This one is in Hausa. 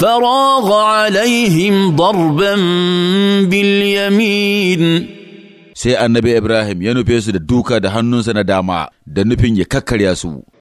فراغ عليهم ضربا باليمين sai annabi Ibrahim ya nufe su da duka da hannunsa na dama da nufin ya kakkarya su